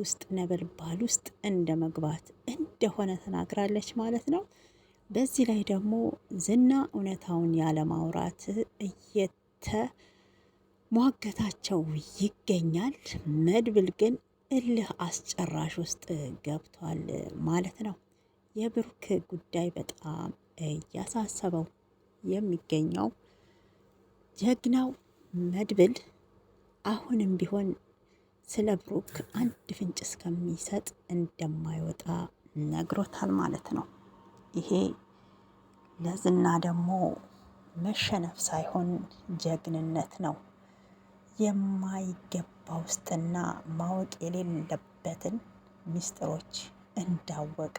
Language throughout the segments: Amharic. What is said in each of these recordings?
ውስጥ ነበልባል ውስጥ እንደ መግባት እንደሆነ ተናግራለች ማለት ነው። በዚህ ላይ ደግሞ ዝና እውነታውን ያለማውራት እየተሟገታቸው ይገኛል። መድብል ግን እልህ አስጨራሽ ውስጥ ገብቷል ማለት ነው። የብሩክ ጉዳይ በጣም እያሳሰበው የሚገኘው ጀግናው መድብል አሁንም ቢሆን ስለ ብሩክ አንድ ፍንጭ እስከሚሰጥ እንደማይወጣ ነግሮታል ማለት ነው። ይሄ ለዝና ደግሞ መሸነፍ ሳይሆን ጀግንነት ነው። የማይገባ ውስጥና ማወቅ የሌለበትን ሚስጥሮች እንዳወቀ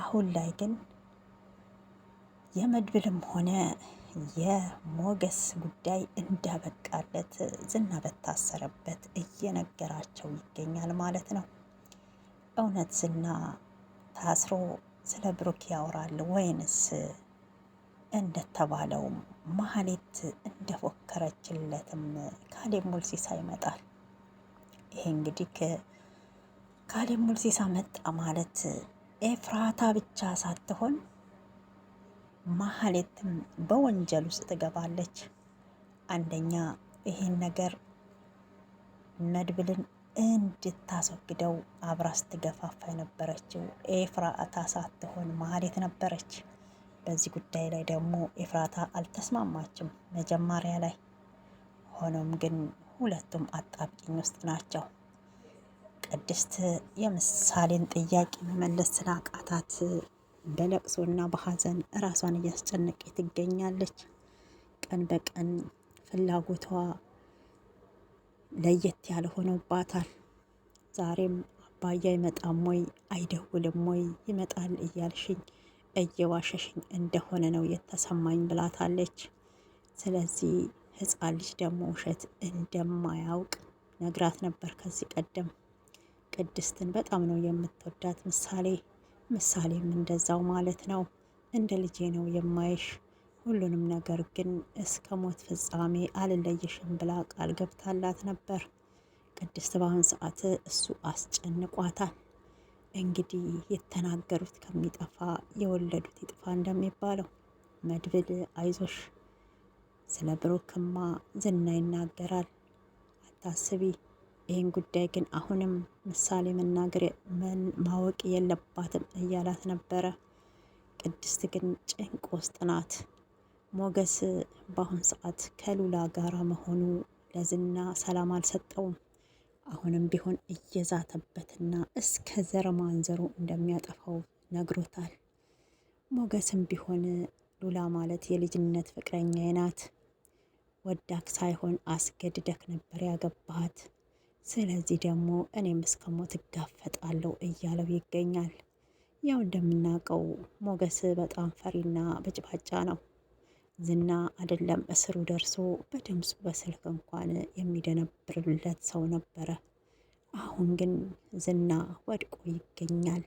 አሁን ላይ ግን የመድብልም ሆነ የሞገስ ጉዳይ እንዳበቃለት ዝና በታሰረበት እየነገራቸው ይገኛል ማለት ነው። እውነት ዝና ታስሮ ስለ ብሩክ ያወራል ወይንስ እንደተባለው ማህሌት እንደፎከረችለትም ካሌብ ሙልሲሳ ይመጣል። ይሄ እንግዲህ ካሌብ ሙልሲሳ መጣ ማለት ኤፍራታ ብቻ ሳትሆን ማህሌትም በወንጀል ውስጥ ትገባለች። አንደኛ ይህን ነገር መድብልን እንድታስወግደው አብራ ስትገፋፋ የነበረችው ኤፍራታ ሳትሆን ማህሌት ነበረች። በዚህ ጉዳይ ላይ ደግሞ ኤፍራታ አልተስማማችም መጀመሪያ ላይ። ሆኖም ግን ሁለቱም አጣብቂኝ ውስጥ ናቸው። ቅድስት የምሳሌን ጥያቄ መመለስ ስላቃታት በለቅሶና በሀዘን እራሷን እያስጨነቀ ትገኛለች። ቀን በቀን ፍላጎቷ ለየት ያለ ሆኖባታል። ዛሬም አባዬ አይመጣም ወይ አይደውልም ወይ ይመጣል እያልሽኝ እየዋሸሽኝ እንደሆነ ነው የተሰማኝ ብላታለች። ስለዚህ ህፃን ልጅ ደግሞ ውሸት እንደማያውቅ ነግራት ነበር ከዚህ ቀደም። ቅድስትን በጣም ነው የምትወዳት ምሳሌ ምሳሌም እንደዛው ማለት ነው። እንደ ልጄ ነው የማይሽ ሁሉንም ነገር ግን እስከ ሞት ፍጻሜ አልለየሽም ብላ ቃል ገብታላት ነበር። ቅድስት በአሁን ሰዓት እሱ አስጨንቋታል። እንግዲህ የተናገሩት ከሚጠፋ የወለዱት ይጥፋ እንደሚባለው መድብል አይዞሽ፣ ስለ ብሩክማ ዝና ይናገራል፣ አታስቢ ይህን ጉዳይ ግን አሁንም ምሳሌ መናገር ማወቅ የለባትም እያላት ነበረ። ቅድስት ግን ጭንቅ ውስጥ ናት። ሞገስ በአሁን ሰዓት ከሉላ ጋራ መሆኑ ለዝና ሰላም አልሰጠውም። አሁንም ቢሆን እየዛተበትና እስከ ዘር ማንዘሩ እንደሚያጠፋው ነግሮታል። ሞገስም ቢሆን ሉላ ማለት የልጅነት ፍቅረኛ ናት፣ ወዳክ ሳይሆን አስገድደክ ነበር ያገባሃት ስለዚህ ደግሞ እኔም ሞት እጋፈጣለሁ እያለው ይገኛል። ያው እንደምናውቀው ሞገስ በጣም ፈሪና በጭባጫ ነው። ዝና አይደለም እስሩ ደርሶ በድምፁ በስልክ እንኳን የሚደነብርለት ሰው ነበረ። አሁን ግን ዝና ወድቆ ይገኛል።